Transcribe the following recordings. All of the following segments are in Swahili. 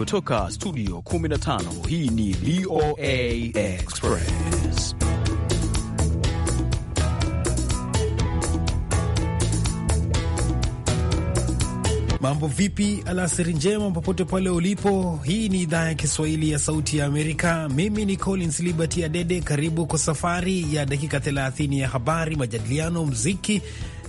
kutoka studio 15 hii ni VOA Express. Mambo vipi, alasiri njema popote pale ulipo. Hii ni idhaa ya Kiswahili ya Sauti ya Amerika. Mimi ni Collins Liberty Adede. Karibu kwa safari ya dakika 30 ya habari, majadiliano, mziki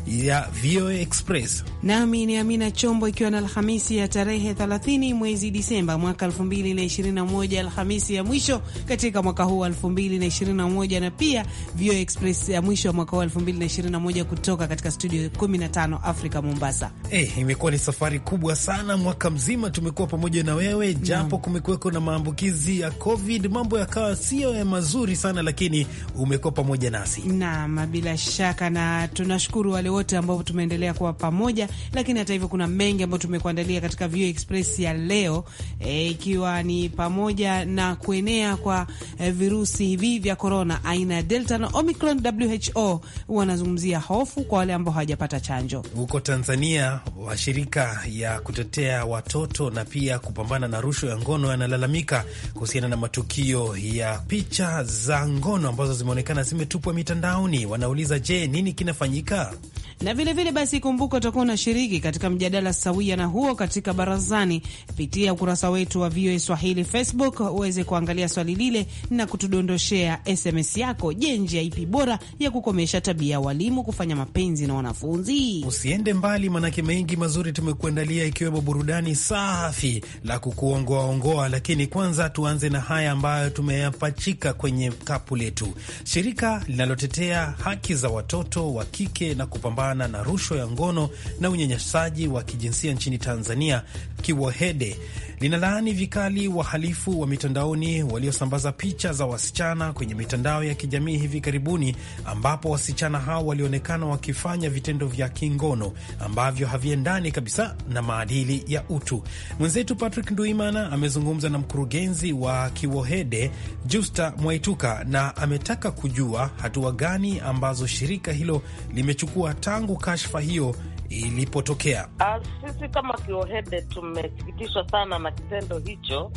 ya VOA Express nami ni Amina Chombo, ikiwa na Alhamisi ya tarehe 30 mwezi Disemba mwaka 2021, Alhamisi ya mwisho katika mwaka huu 2021, na pia VOA Express ya mwisho wa mwaka huu 2021 kutoka katika studio 15 Africa Mombasa. Eh, imekuwa ni safari kubwa sana, mwaka mzima tumekuwa pamoja na wewe japo kumekuweko na maambukizi ya COVID, mambo yakawa sio ya mazuri sana, lakini umekuwa pamoja nasi. Naam, bila shaka na tunashukuru wale wote ambao tumeendelea kuwa pamoja, lakini hata hivyo kuna mengi ambayo tumekuandalia katika Vio Express ya leo, eh, ikiwa e, ni pamoja na kuenea kwa e, virusi hivi vya korona aina ya Delta na Omicron. WHO wanazungumzia hofu kwa wale ambao hawajapata chanjo. Huko Tanzania, washirika ya kutetea watoto na pia kupambana na rushwa ya ngono yanalalamika kuhusiana na matukio ya picha za ngono ambazo zimeonekana zimetupwa mitandaoni. Wanauliza, je, nini kinafanyika? na vilevile vile basi, kumbuka utakuwa unashiriki katika mjadala sawia na huo katika barazani, pitia ukurasa wetu wa VOA Swahili Facebook uweze kuangalia swali lile na kutudondoshea SMS yako. Je, njia ipi bora ya kukomesha tabia ya walimu kufanya mapenzi na wanafunzi? Usiende mbali, manake mengi mazuri tumekuandalia, ikiwemo burudani safi la kukuongoaongoa. Lakini kwanza tuanze na haya ambayo tumeyapachika kwenye kapu letu. Shirika linalotetea haki za watoto wa kike na kupambana kupambana na rushwa ya ngono na unyanyasaji wa kijinsia nchini Tanzania, Kiwohede linalaani vikali wahalifu wa mitandaoni waliosambaza picha za wasichana kwenye mitandao ya kijamii hivi karibuni, ambapo wasichana hao walionekana wakifanya vitendo vya kingono ambavyo haviendani kabisa na maadili ya utu. Mwenzetu Patrick Nduimana amezungumza na mkurugenzi wa Kiwohede Justa Mwaituka na ametaka kujua hatua gani ambazo shirika hilo limechukua tangu kashfa hiyo ilipotokea? Ah, sisi kama Kiohede tumesikitishwa sana na kitendo hicho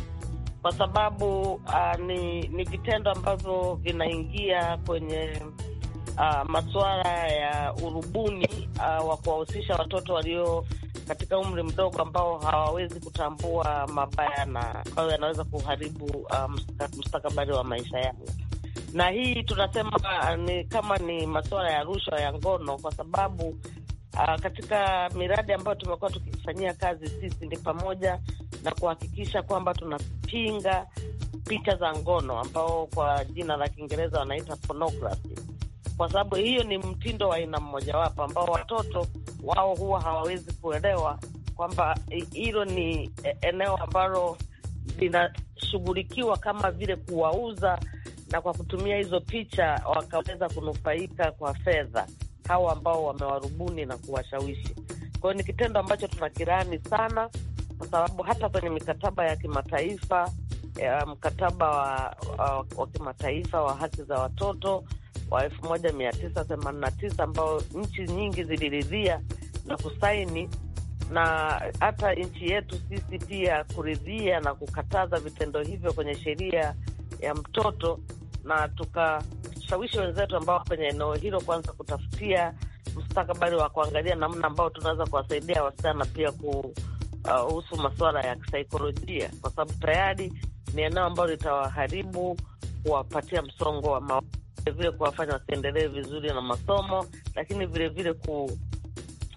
kwa sababu uh, ni, ni vitendo ambavyo vinaingia kwenye uh, masuala ya urubuni uh, wa kuwahusisha watoto walio katika umri mdogo ambao hawawezi kutambua mabaya na ambayo yanaweza kuharibu uh, mustakabali wa maisha yao. Na hii tunasema uh, ni kama ni masuala ya rushwa ya ngono, kwa sababu Uh, katika miradi ambayo tumekuwa tukifanyia kazi sisi ni pamoja na kuhakikisha kwamba tunapinga picha za ngono ambao kwa jina la Kiingereza wanaita pornography, kwa sababu hiyo ni mtindo wa aina mmojawapo ambao watoto wao huwa hawawezi kuelewa kwamba hilo ni e-, eneo ambalo linashughulikiwa kama vile kuwauza, na kwa kutumia hizo picha wakaweza kunufaika kwa fedha hawa ambao wamewarubuni na kuwashawishi. Kwa hiyo ni kitendo ambacho tunakirani sana, kwa sababu hata kwenye mikataba ya kimataifa ya mkataba wa, wa, wa kimataifa wa haki za watoto wa elfu moja mia tisa themanini na tisa ambao nchi nyingi ziliridhia na kusaini na hata nchi yetu sisi pia kuridhia na kukataza vitendo hivyo kwenye sheria ya mtoto na tuka tushawishi wenzetu ambao kwenye eneo hilo kwanza kutafutia mustakabali wa kuangalia namna ambao tunaweza kuwasaidia wasichana pia kuhusu uh, masuala ya kisaikolojia, kwa sababu tayari ni eneo ambalo litawaharibu, kuwapatia msongo wa mawazo, vilevile kuwafanya wasiendelee vizuri na masomo, lakini vilevile ku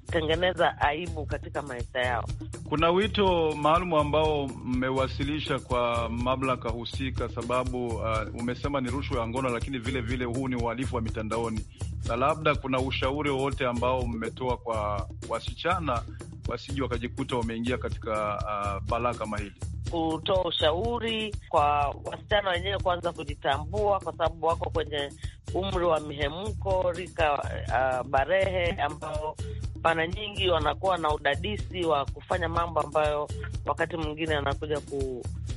kutengeneza aibu katika maisha yao. Kuna wito maalum ambao mmewasilisha kwa mamlaka husika, sababu uh, umesema ni rushwa ya ngono, lakini vile vile huu ni uhalifu wa mitandaoni na labda kuna ushauri wowote ambao mmetoa kwa wasichana wasiji wakajikuta wameingia katika uh, balaa kama hili? Kutoa ushauri kwa wasichana wenyewe kwanza kujitambua, kwa sababu wako kwenye umri wa mihemko, rika uh, barehe ambao mara nyingi wanakuwa na udadisi wa kufanya mambo ambayo wakati mwingine anakuja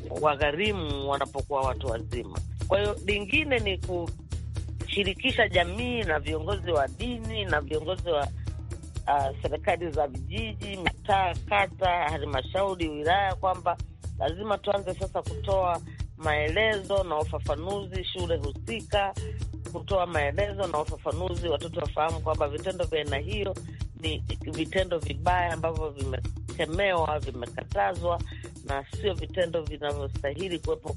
kuwagharimu wanapokuwa watu wazima. Kwa hiyo lingine ni ku kushirikisha jamii na viongozi wa dini na viongozi wa uh, serikali za vijiji, mitaa, kata, halmashauri, wilaya kwamba lazima tuanze sasa kutoa maelezo na ufafanuzi shule husika, kutoa maelezo na ufafanuzi, watoto wafahamu kwamba vitendo vya aina hiyo ni vitendo vibaya ambavyo vimekemewa, vimekatazwa na sio vitendo vinavyostahili kuwepo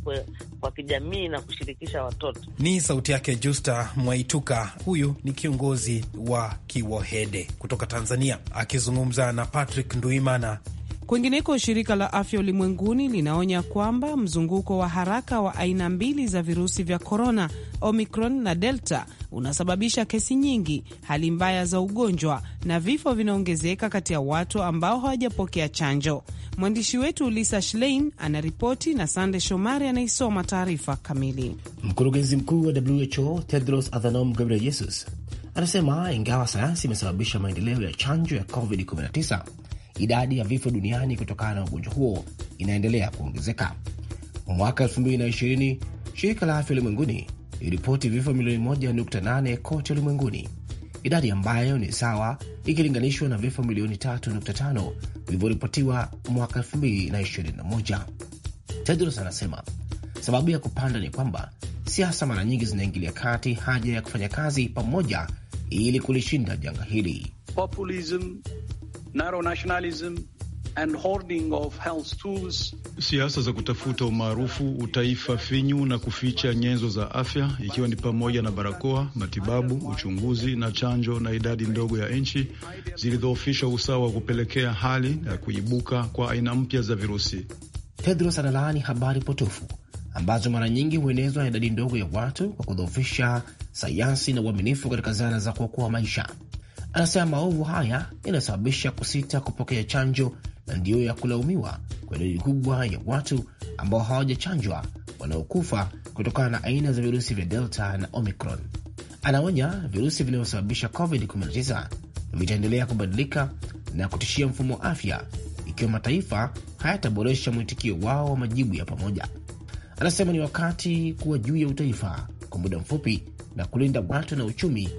kwa kijamii na kushirikisha watoto. Ni sauti yake Justa Mwaituka, huyu ni kiongozi wa Kiwohede kutoka Tanzania akizungumza na Patrick Nduimana. Kwingineko, shirika la afya ulimwenguni linaonya kwamba mzunguko wa haraka wa aina mbili za virusi vya korona, Omicron na Delta, unasababisha kesi nyingi, hali mbaya za ugonjwa na vifo vinaongezeka kati ya watu ambao hawajapokea chanjo. Mwandishi wetu Lisa Schlein anaripoti na Sande Shomari anaisoma taarifa kamili. Mkurugenzi mkuu wa WHO Tedros Adhanom Ghebreyesus anasema ingawa sayansi imesababisha maendeleo ya chanjo ya COVID-19, idadi ya vifo duniani kutokana na ugonjwa huo inaendelea kuongezeka. Mwaka 2020 shirika la afya ulimwenguni iliripoti vifo milioni 1.8 kote ulimwenguni, idadi ambayo ni sawa ikilinganishwa na vifo milioni 3.5 vilivyoripotiwa mwaka 2021. Tedros anasema sababu ya kupanda ni kwamba siasa mara nyingi zinaingilia kati haja ya kufanya kazi pamoja ili kulishinda janga hili. Populism, narrow nationalism and hoarding of health tools. Siasa za kutafuta umaarufu, utaifa finyu na kuficha nyenzo za afya, ikiwa ni pamoja na barakoa, matibabu, uchunguzi na chanjo, na idadi ndogo ya nchi zilidhoofisha usawa wa kupelekea hali ya kuibuka kwa aina mpya za virusi. Tedros analaani habari potofu ambazo mara nyingi huenezwa na idadi ndogo ya watu kwa kudhoofisha sayansi na uaminifu katika zana za kuokoa maisha. Anasema maovu haya yanasababisha kusita kupokea chanjo na ndiyo ya kulaumiwa kwa idadi kubwa ya watu ambao hawajachanjwa wanaokufa kutokana na aina za virusi vya Delta na Omicron. Anaonya virusi vinavyosababisha COVID-19 vitaendelea kubadilika na kutishia mfumo wa afya ikiwa mataifa hayataboresha mwitikio wao wa majibu ya pamoja. Anasema ni wakati kuwa juu ya utaifa kwa muda mfupi na kulinda watu na uchumi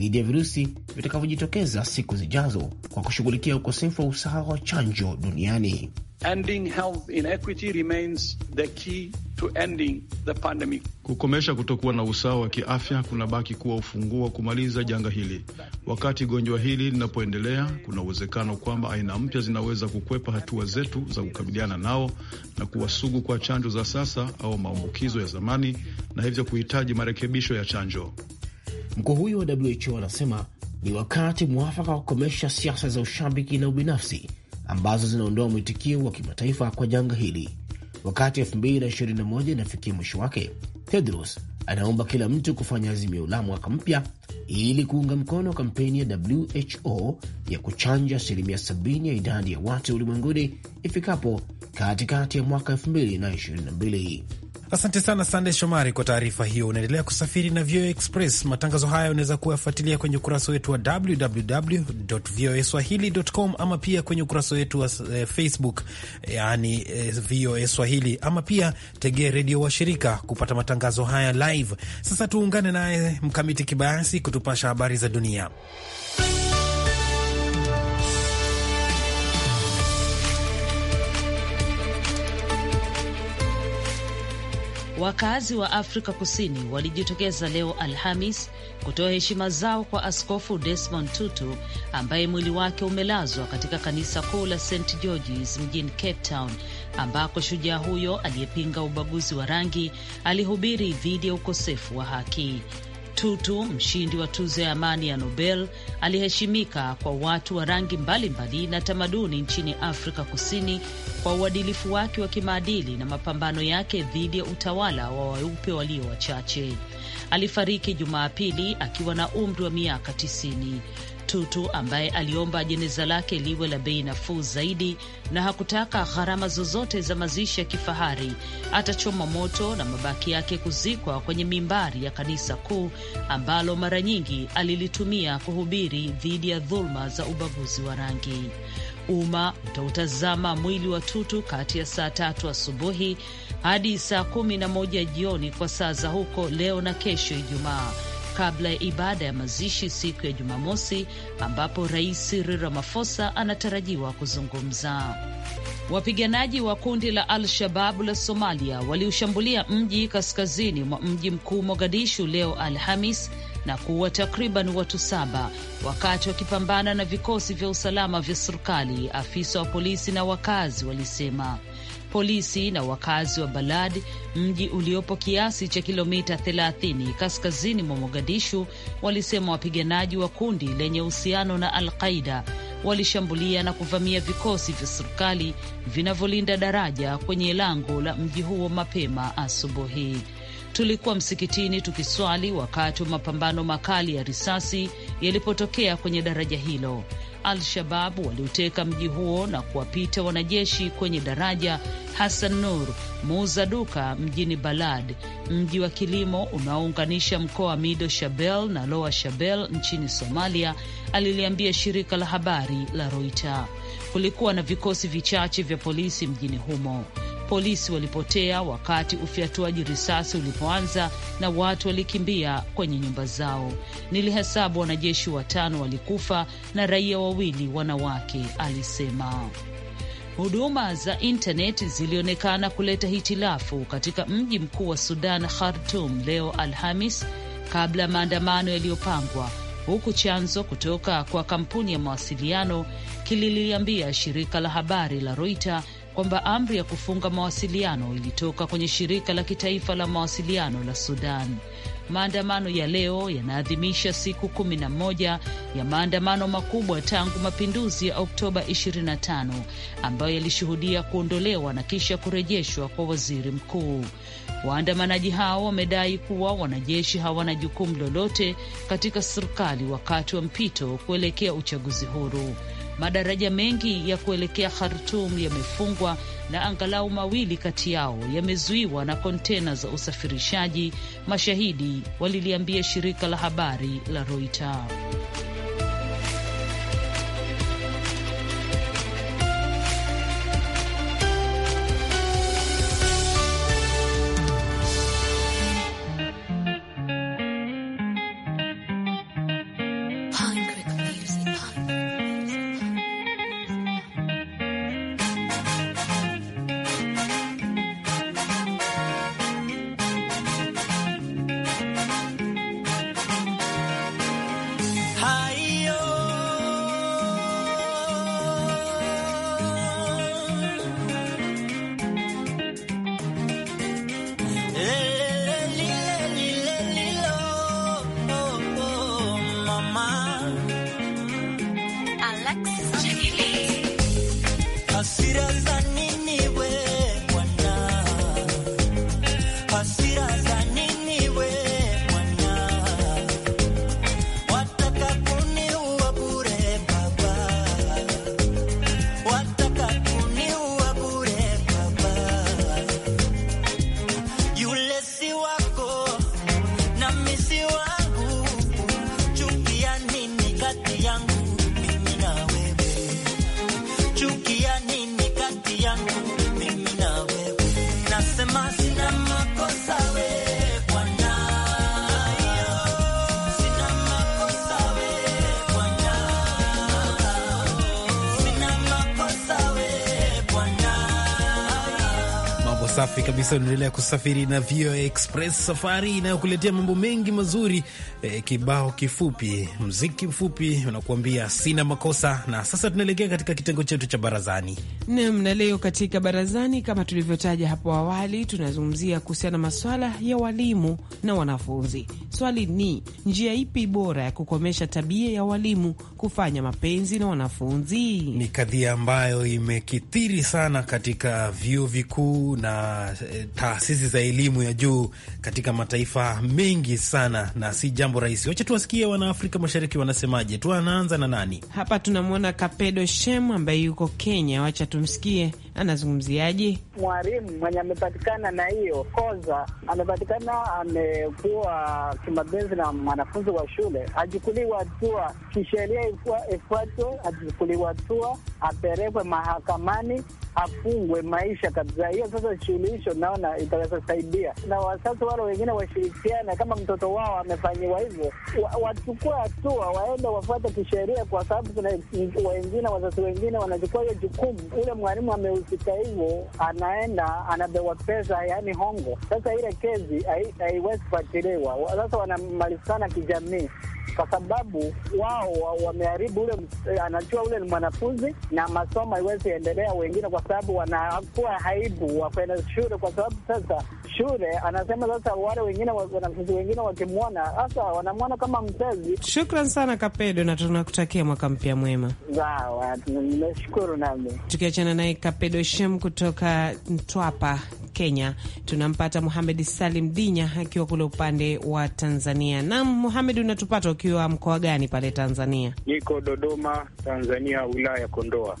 dhidi ya virusi vitakavyojitokeza siku zijazo kwa kushughulikia ukosefu wa usawa wa chanjo duniani. Kukomesha kutokuwa na usawa wa kiafya kunabaki kuwa ufunguo wa kumaliza janga hili. Wakati gonjwa hili linapoendelea, kuna uwezekano kwamba aina mpya zinaweza kukwepa hatua zetu za kukabiliana nao na kuwa sugu kwa chanjo za sasa au maambukizo ya zamani, na hivyo kuhitaji marekebisho ya chanjo. Mkuu huyo wa WHO anasema ni wakati mwafaka wa kukomesha siasa za ushabiki na ubinafsi ambazo zinaondoa mwitikio wa kimataifa kwa janga hili. Wakati 2021 inafikia mwisho wake, Tedros anaomba kila mtu kufanya azimio la mwaka mpya ili kuunga mkono kampeni ya WHO ya kuchanja asilimia 70 ya idadi ya watu ulimwenguni ifikapo katikati ya mwaka 2022. Asante sana Sandey Shomari kwa taarifa hiyo. Unaendelea kusafiri na VOA Express. Matangazo haya unaweza kuyafuatilia kwenye ukurasa wetu wa www voa swahili.com ama pia kwenye ukurasa wetu wa eh, Facebook, yaani, eh, VOA Swahili, ama pia tegee redio wa shirika kupata matangazo haya live. Sasa tuungane naye Mkamiti Kibayasi kutupasha habari za dunia. Wakazi wa Afrika Kusini walijitokeza leo Alhamis kutoa heshima zao kwa Askofu Desmond Tutu ambaye mwili wake umelazwa katika kanisa kuu la St George's mjini Cape Town, ambako shujaa huyo aliyepinga ubaguzi wa rangi alihubiri dhidi ya ukosefu wa haki. Tutu, mshindi wa tuzo ya amani ya Nobel, aliheshimika kwa watu wa rangi mbalimbali na tamaduni nchini Afrika Kusini kwa uadilifu wake wa kimaadili na mapambano yake dhidi ya utawala wa weupe walio wachache. Alifariki Jumapili akiwa na umri wa miaka tisini. Tutu ambaye aliomba jeneza lake liwe la bei nafuu zaidi na hakutaka gharama zozote za mazishi ya kifahari, atachoma moto na mabaki yake kuzikwa kwenye mimbari ya kanisa kuu ambalo mara nyingi alilitumia kuhubiri dhidi ya dhuluma za ubaguzi wa rangi. Umma utautazama mwili wa Tutu kati ya saa tatu asubuhi hadi saa kumi na moja jioni kwa saa za huko leo na kesho Ijumaa, kabla ya ibada ya mazishi siku ya Jumamosi, ambapo Rais Cyril Ramaphosa anatarajiwa kuzungumza. Wapiganaji wa kundi la Al-Shababu la Somalia waliushambulia mji kaskazini mwa mji mkuu Mogadishu leo Alhamis na kuua takriban watu saba wakati wakipambana na vikosi vya usalama vya serikali, afisa wa polisi na wakazi walisema polisi na wakazi wa Balad, mji uliopo kiasi cha kilomita 30 kaskazini mwa Mogadishu, walisema wapiganaji wa kundi lenye uhusiano na Al-Qaida walishambulia na kuvamia vikosi vya serikali vinavyolinda daraja kwenye lango la mji huo mapema asubuhi. Tulikuwa msikitini tukiswali wakati wa mapambano makali ya risasi yalipotokea kwenye daraja hilo. Al-Shabab waliuteka mji huo na kuwapita wanajeshi kwenye daraja Hassan Nur muuza duka mjini Balad, mji wa kilimo unaounganisha mkoa wa Mido shabel na loa shabel nchini Somalia, aliliambia shirika la habari la roita Kulikuwa na vikosi vichache vya polisi mjini humo. Polisi walipotea wakati ufyatuaji risasi ulipoanza na watu walikimbia kwenye nyumba zao. Nilihesabu wanajeshi watano walikufa na raia wawili wanawake, alisema. Huduma za intaneti zilionekana kuleta hitilafu katika mji mkuu wa Sudan, Khartum, leo Alhamis, kabla ya maandamano yaliyopangwa, huku chanzo kutoka kwa kampuni ya mawasiliano kililiambia shirika la habari la Reuters kwamba amri ya kufunga mawasiliano ilitoka kwenye shirika la kitaifa la mawasiliano la Sudan. Maandamano ya leo yanaadhimisha siku 11 ya maandamano makubwa tangu mapinduzi ya Oktoba 25 ambayo yalishuhudia kuondolewa na kisha kurejeshwa kwa waziri mkuu. Waandamanaji hao wamedai kuwa wanajeshi hawana jukumu lolote katika serikali wakati wa mpito kuelekea uchaguzi huru. Madaraja mengi ya kuelekea Khartum yamefungwa na angalau mawili kati yao yamezuiwa na kontena za usafirishaji, mashahidi waliliambia shirika la habari la Reuters. kabisa, unaendelea kusafiri na VOA Express, safari inayokuletea mambo mengi mazuri E, kibao kifupi, mziki mfupi unakuambia sina makosa. Na sasa tunaelekea katika kitengo chetu cha barazani nam, na leo katika barazani, kama tulivyotaja hapo awali, tunazungumzia kuhusiana na maswala ya walimu na wanafunzi. Swali ni njia ipi bora ya kukomesha tabia ya walimu kufanya mapenzi na wanafunzi? Ni kadhia ambayo imekithiri sana katika vyuo vikuu na eh, taasisi za elimu ya juu katika mataifa mengi sana, na si jambo rahisi. Wacha tuwasikie Wanaafrika Mashariki wanasemaje. Tuanaanza na nani hapa? Tunamwona Kapedo Shem ambaye yuko Kenya, wacha tumsikie anazungumziaje? Mwalimu mwenye amepatikana na hiyo koza, amepatikana amekuwa kimapenzi na mwanafunzi wa shule, achukuliwa hatua kisheria, ifuatwe, achukuliwa hatua, apelekwe mahakamani, afungwe maisha kabisa. Hiyo sasa suluhisho naona itaweza saidia, na wasasi wale wengine washirikiana, kama mtoto wao amefanyiwa hivyo, wachukua hatua, waende wafuate kisheria, kwa sababu kuna wengine, wazazi wengine wanachukua hiyo jukumu. Ule mwalimu ame akifika hivyo anaenda anabewa pesa, yaani hongo. Sasa ile kesi haiwezi kufuatiliwa, sasa wanamalizana kijamii kwa sababu wao wameharibu ule, anajua ule ni mwanafunzi na masomo haiwezi endelea. Wengine kwa sababu wanakuwa haibu wa shule, kwa sababu sasa shule, anasema sasa wale wengine wanafunzi wengine wakimwona hasa wanamwona kama mzazi. Shukran sana Kapedo, na tunakutakia mwaka mpya mwema. Sawa, nimeshukuru nami. Tukiachana naye Kapedo Shem kutoka Mtwapa, Kenya, tunampata Muhamed Salim Dinya akiwa kule upande wa Tanzania. Naam, Muhamed, unatupata ukiwa mkoa gani pale Tanzania? Niko Dodoma, Tanzania, wilaya ya Kondoa.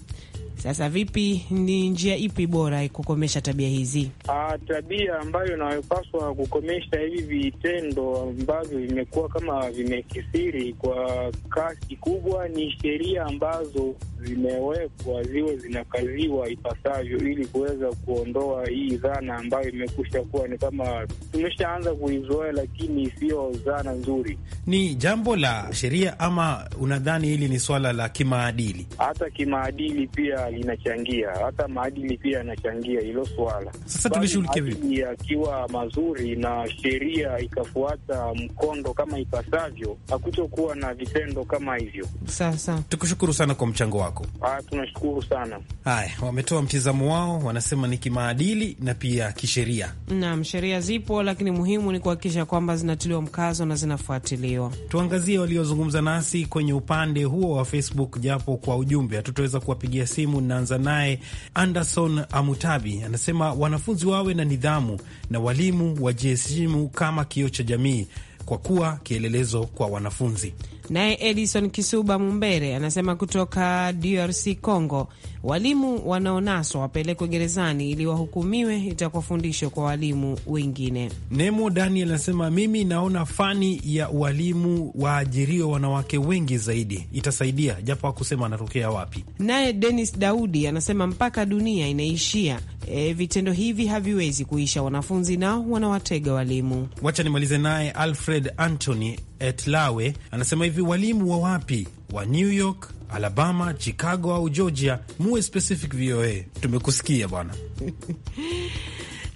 Sasa vipi, ni njia ipi bora kukomesha tabia hizi? Aa, ah, tabia ambayo inayopaswa kukomesha hivi vitendo ambavyo vimekuwa kama vimekisiri kwa kasi kubwa ni sheria ambazo zimewekwa ziwe zinakaziwa ipasavyo, ili kuweza kuondoa hii dhana ambayo imekusha kuwa ni kama tumeshaanza kuizoea, lakini sio dhana nzuri. Ni jambo la sheria, ama unadhani hili ni swala la kimaadili? Hata kimaadili pia linachangia, hata maadili pia yanachangia hilo swala. Sasa tulishughulikia vipi? Akiwa mazuri na sheria ikafuata mkondo kama ipasavyo, hakutokuwa na vitendo kama hivyo. Sasa tukushukuru sana kwa mchango wako. Ah, tunashukuru sana. Haya, wametoa mtizamo wao, wanasema ni kimaadili na pia kisheria. Naam, sheria zipo, lakini muhimu ni kuhakikisha kwamba zinatiliwa mkazo na zinafuatiliwa. Tuangazie waliozungumza nasi kwenye upande huo wa Facebook, japo kwa ujumbe hatutaweza kuwapigia simu Naanza naye Anderson Amutabi, anasema wanafunzi wawe na nidhamu na walimu wajiheshimu kama kioo cha jamii, kwa kuwa kielelezo kwa wanafunzi. Naye Edison Kisuba Mumbere anasema kutoka DRC Congo, walimu wanaonaswa wapelekwe gerezani ili wahukumiwe, itakuwa fundisho kwa walimu wengine. Nemo Daniel anasema mimi naona fani ya walimu waajiriwe wanawake wengi zaidi, itasaidia, japo hakusema anatokea wapi. Naye denis Daudi anasema mpaka dunia inaishia, e, vitendo hivi haviwezi kuisha, wanafunzi nao wanawatega walimu. Wacha nimalize naye Alfred Anthony Etlawe anasema hivi, walimu wa wapi wa New York, Alabama, Chicago au Georgia? Muwe specific VOA, tumekusikia bwana.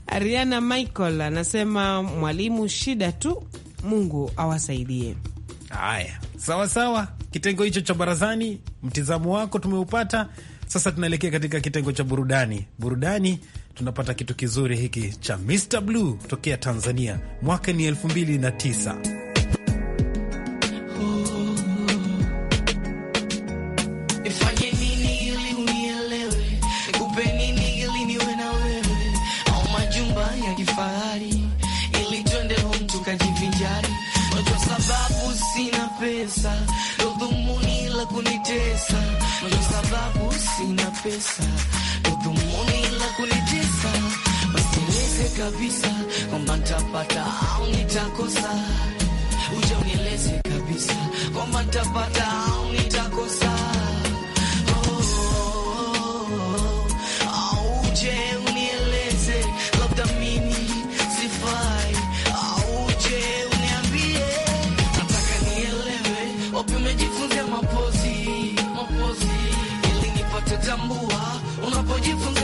Ariana Michael anasema mwalimu, shida tu, Mungu awasaidie. Haya, sawa sawa, kitengo hicho cha barazani, mtizamo wako tumeupata. Sasa tunaelekea katika kitengo cha burudani. Burudani tunapata kitu kizuri hiki cha Mr Blue kutokea Tanzania, mwaka ni 2009. pesa, ndo dhumuni la kunitesa, ndo sababu sina pesa, ndo dhumuni la kunitesa. Basi kabisa kwamba nitapata au nitakosa, uja kabisa kwamba nitapata au nitakosa unatambua unapojifunza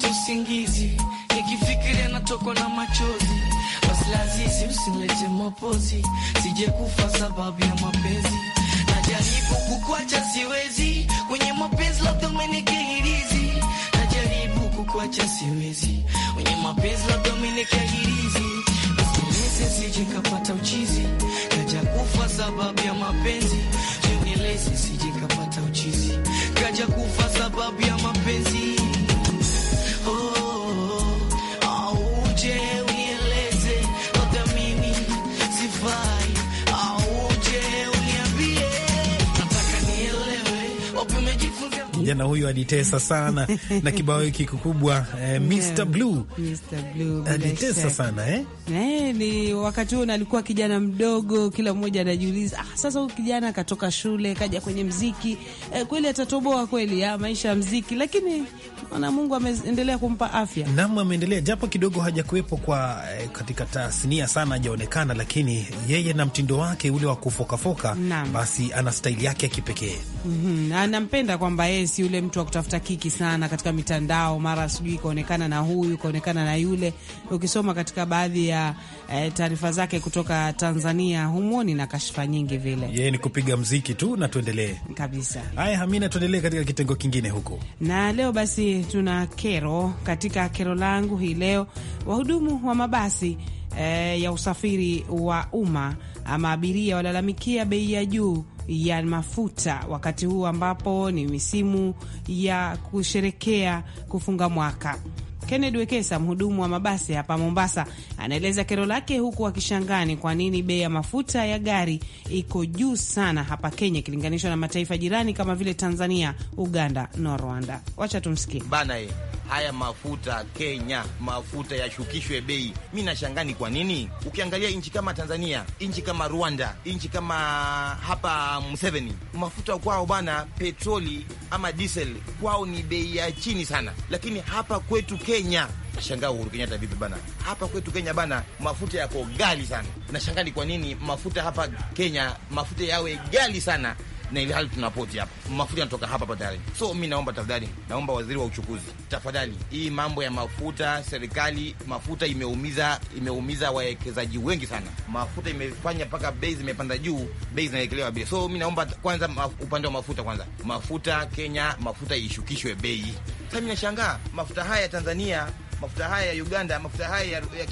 nipate usingizi, nikifikiria natokwa na machozi. Basi lazizi, usilete mapozi, sije kufa sababu ya mapenzi. Najaribu kukwacha siwezi, kwenye mapenzi labda Najaribu kukwacha siwezi, kwenye mapenzi labda sije kapata uchizi, kaja kufa sababu ya mapenzi. sije kapata uchizi, kaja kufa sababu ya mapenzi. kijana huyu alitesa sana na kibao hiki kikubwa eh, Mr. Blue. Mr. Blue alitesa sana eh? Eh, ni wakati huo alikuwa kijana mdogo, kila mmoja anajiuliza ah, sasa huyu kijana katoka shule kaja kwenye mziki eh, kweli atatoboa kweli ya maisha ya mziki, lakini na Mungu ameendelea kumpa afya. Naam, ameendelea japo kidogo hajakuwepo kwa eh, katika tasnia sana hajaonekana, lakini yeye na mtindo wake ule wa kufokafoka, basi ana staili yake ya kipekee. Mm -hmm. Anampenda kwamba yeye si yule mtu wa kutafuta kiki sana katika mitandao, mara sijui ikaonekana na huyu ikaonekana na yule. Ukisoma katika baadhi ya eh, taarifa zake kutoka Tanzania humwoni na kashfa nyingi vile. Yeye ni kupiga mziki tu, na tuendelee kabisa. Haya, Hamina, tuendelee katika kitengo kingine huko, na leo basi tuna kero. Katika kero langu hii leo, wahudumu wa mabasi eh, ya usafiri wa umma ama abiria walalamikia bei ya juu ya mafuta, wakati huu ambapo ni misimu ya kusherekea kufunga mwaka. Kennedy Wekesa, mhudumu wa mabasi hapa Mombasa, anaeleza kero lake huku akishangani kwa nini bei ya mafuta ya gari iko juu sana hapa Kenya ikilinganishwa na mataifa jirani kama vile Tanzania, Uganda na Rwanda. Wacha tumsikie bana haya mafuta Kenya, mafuta yashukishwe bei. Mi nashangani kwa nini? Ukiangalia nchi kama Tanzania, nchi kama Rwanda, nchi kama hapa Museveni, mafuta kwao bana, petroli ama diesel kwao ni bei ya chini sana, lakini hapa kwetu Kenya Nashangaa Uhuru Kenyatta vipi bana, hapa kwetu Kenya bana, mafuta yako ghali sana. Nashangaa ni kwa nini mafuta hapa Kenya mafuta yawe ghali sana, na ili hali tunapoti hapa, mafuta yanatoka hapa hapa tayari. So mi naomba tafadhali, naomba waziri wa uchukuzi tafadhali, hii mambo ya mafuta, serikali mafuta imeumiza, imeumiza wawekezaji wengi sana. Mafuta imefanya mpaka bei zimepanda juu, bei zinaekelewa bei. So mi naomba kwanza, upande wa mafuta kwanza, mafuta Kenya, mafuta ishukishwe bei. Sasa mi nashangaa mafuta haya ya Tanzania mafuta haya ya Uganda, mafuta haya ya, ya,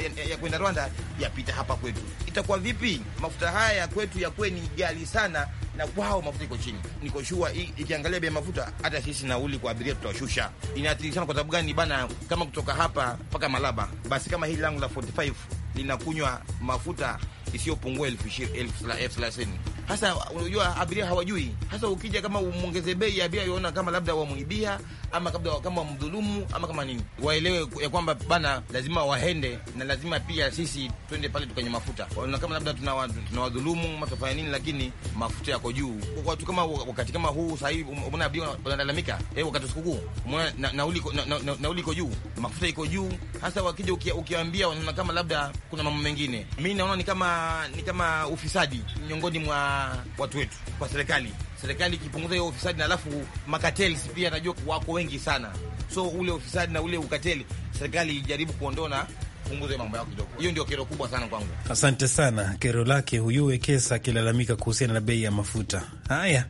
ya, ya, ya kwenda Rwanda yapita hapa kwetu, itakuwa vipi? Mafuta haya ya kwetu ya kweni ni sana, na kwao mafuta iko chini. Niko shua ikiangalia bei ya mafuta, hata sisi nauli kwa abiria tutawashusha. sana kwa sababu gani bana? Kama kutoka hapa mpaka Malaba, basi kama hili langu la 45 linakunywa mafuta isiyopungua elfu thelathini Hasa unajua abiria hawajui. Hasa ukija kama umwongeze bei ya abiria, unaona kama labda wamwibia ama kabla kama wamdhulumu ama kama nini, waelewe ya kwamba bana, lazima waende na lazima pia sisi twende pale tukanye mafuta. Waona kama labda tunawadhulumu ama tunafanya nini, lakini mafuta yako juu. Watu kama wakati kama huu sasa hivi um, umeona abiria wanalalamika, eh, wakati sikukuu umeona na, nauli na, na, na, nauli iko juu, mafuta iko juu. Hasa wakija ukiambia wanaona kama labda kuna mambo mengine. Mimi naona ni kama ni kama ufisadi miongoni mwa watu wetu kwa serikali. Serikali ikipunguza hiyo ufisadi, na alafu makatels pia najua wako wengi sana, so ule ufisadi na ule ukateli serikali ijaribu kuondona mambo kidogo. Hiyo ndio kero kubwa sana kwangu. Asante sana. Kero lake huyu Wekesa akilalamika kuhusiana na bei ya mafuta. Haya,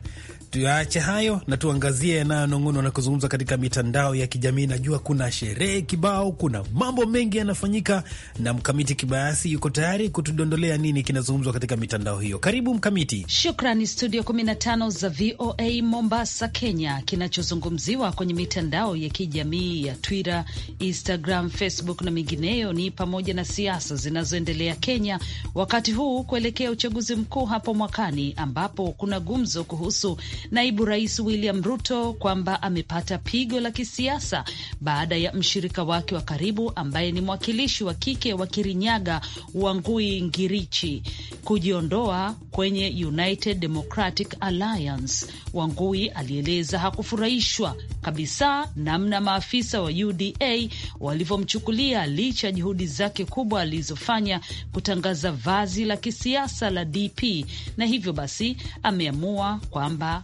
tuyaache hayo na tuangazie yanayonong'onwa na kuzungumza katika mitandao ya kijamii. Najua kuna sherehe kibao, kuna mambo mengi yanafanyika, na Mkamiti Kibayasi yuko tayari kutudondolea nini kinazungumzwa katika mitandao hiyo. Karibu Mkamiti. Shukrani studio 15 za VOA Mombasa, Kenya. Kinachozungumziwa kwenye mitandao ya kijamii ya Twitter, Instagram, Facebook na mingineyo ni pamoja na siasa zinazoendelea Kenya wakati huu kuelekea uchaguzi mkuu hapo mwakani, ambapo kuna gumzo kuhusu naibu rais William Ruto kwamba amepata pigo la kisiasa baada ya mshirika wake wa karibu ambaye ni mwakilishi wa kike wa Kirinyaga Wangui Ngirichi kujiondoa kwenye United Democratic Alliance. Wangui alieleza hakufurahishwa kabisa namna maafisa wa UDA walivyomchukulia licha juhudi zake kubwa alizofanya kutangaza vazi la kisiasa la DP, na hivyo basi ameamua kwamba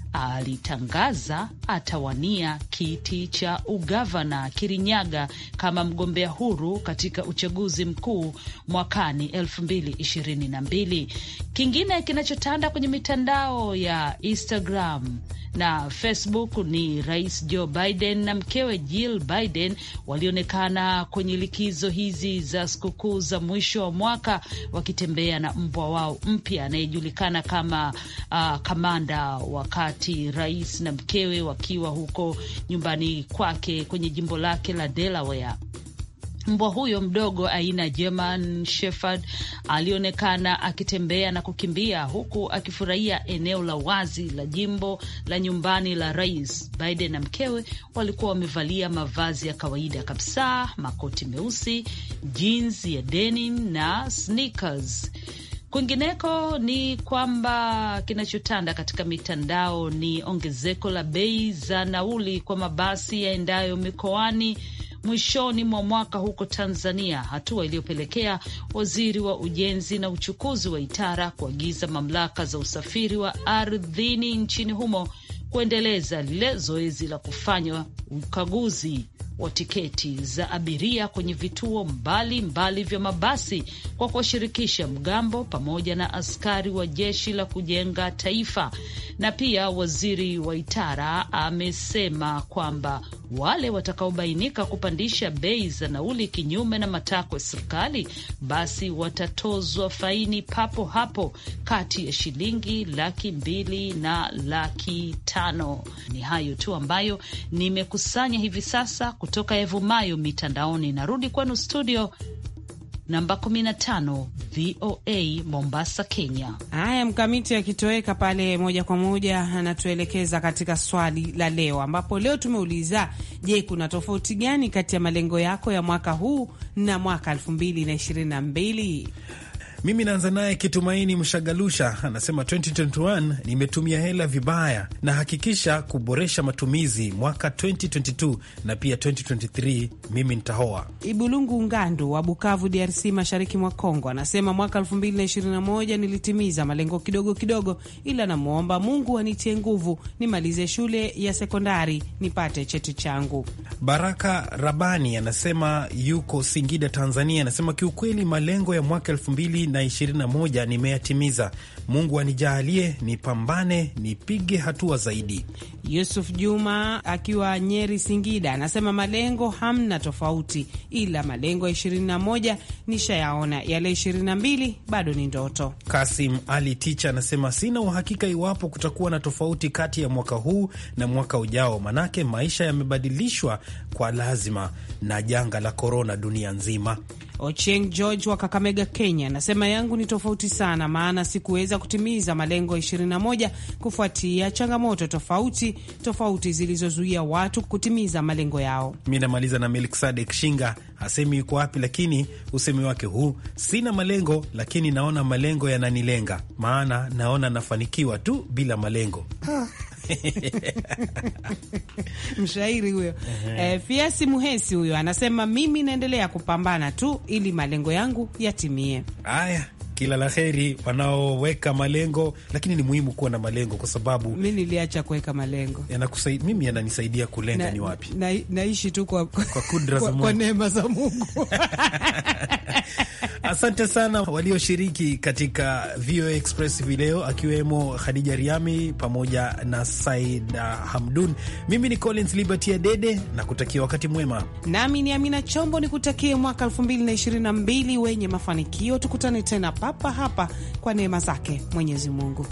alitangaza atawania kiti cha ugavana Kirinyaga kama mgombea huru katika uchaguzi mkuu mwakani 2022. Kingine kinachotanda kwenye mitandao ya Instagram na Facebook ni Rais Joe Biden na mkewe Jill Biden walionekana kwenye likizo hizi za sikukuu za mwisho wa mwaka wakitembea na mbwa wao mpya anayejulikana kama uh, kamanda wakati wakati rais na mkewe wakiwa huko nyumbani kwake kwenye jimbo lake la Delaware. Mbwa huyo mdogo aina German Shepherd alionekana akitembea na kukimbia huku akifurahia eneo la wazi la jimbo la nyumbani la rais. Biden na mkewe walikuwa wamevalia mavazi ya kawaida kabisa, makoti meusi, jeans ya denim na sneakers. Kwingineko ni kwamba kinachotanda katika mitandao ni ongezeko la bei za nauli kwa mabasi yaendayo mikoani mwishoni mwa mwaka huko Tanzania, hatua iliyopelekea waziri wa ujenzi na uchukuzi wa Itara kuagiza mamlaka za usafiri wa ardhini nchini humo kuendeleza lile zoezi la kufanya ukaguzi wa tiketi za abiria kwenye vituo mbali mbali vya mabasi kwa kuwashirikisha mgambo pamoja na askari wa jeshi la kujenga taifa. Na pia waziri wa itara amesema kwamba wale watakaobainika kupandisha bei za nauli kinyume na matakwa ya serikali, basi watatozwa faini papo hapo kati ya shilingi laki mbili na laki tano. Ni hayo tu ambayo nimekusanya hivi sasa kutoka Evumayo mitandaoni. Narudi kwenu studio namba 15 VOA Mombasa, Kenya. Haya, mkamiti akitoweka pale moja kwa moja anatuelekeza katika swali la leo, ambapo leo tumeuliza, je, kuna tofauti gani kati ya malengo yako ya mwaka huu na mwaka 2022? Mimi naanza naye Kitumaini Mshagalusha anasema 2021 nimetumia hela vibaya, na hakikisha kuboresha matumizi mwaka 2022 na pia 2023 mimi nitahoa. Ibulungu Ngandu wa Bukavu, DRC, mashariki mwa Kongo anasema mwaka 2021 nilitimiza malengo kidogo kidogo, ila namwomba Mungu anitie nguvu nimalize shule ya sekondari nipate cheti changu. Baraka Rabani anasema yuko Singida, Tanzania, anasema kiukweli malengo ya mwaka 2000 na moja nimeyatimiza. Mungu anijaalie nipambane, nipige hatua zaidi. Yusuf Juma akiwa Nyeri, Singida, anasema malengo hamna tofauti, ila malengo ya 21 nishayaona, yale mbili bado ni ndoto. Kasim Ali Ticha anasema sina uhakika iwapo kutakuwa na tofauti kati ya mwaka huu na mwaka ujao, manake maisha yamebadilishwa kwa lazima na janga la korona dunia nzima. Ochieng George wa Kakamega, Kenya anasema yangu ni tofauti sana, maana sikuweza kutimiza malengo 21 kufuatia changamoto tofauti tofauti zilizozuia watu kutimiza malengo yao. Mi namaliza na Sadek Shinga, hasemi yuko wapi, lakini usemi wake huu, sina malengo lakini naona malengo yananilenga, maana naona nafanikiwa tu bila malengo mshairi huyo e, Fiasi Muhesi huyo anasema mimi naendelea kupambana tu ili malengo yangu yatimie. Haya, kila la heri wanaoweka malengo, lakini ni muhimu kuwa na malengo kwa sababu mi niliacha kuweka malengo, mimi, yananisaidia kulenga na, ni wapi na, naishi tu kwa, kwa, kwa, kwa neema za Mungu Asante sana walioshiriki katika VOA Express hivi leo, akiwemo Khadija Riami pamoja na Saida Hamdun. Mimi ni Collins Liberty Adede na kutakia wakati mwema, nami ni Amina Chombo ni kutakie mwaka 2022 wenye mafanikio. Tukutane tena papa hapa kwa neema zake Mwenyezi Mungu.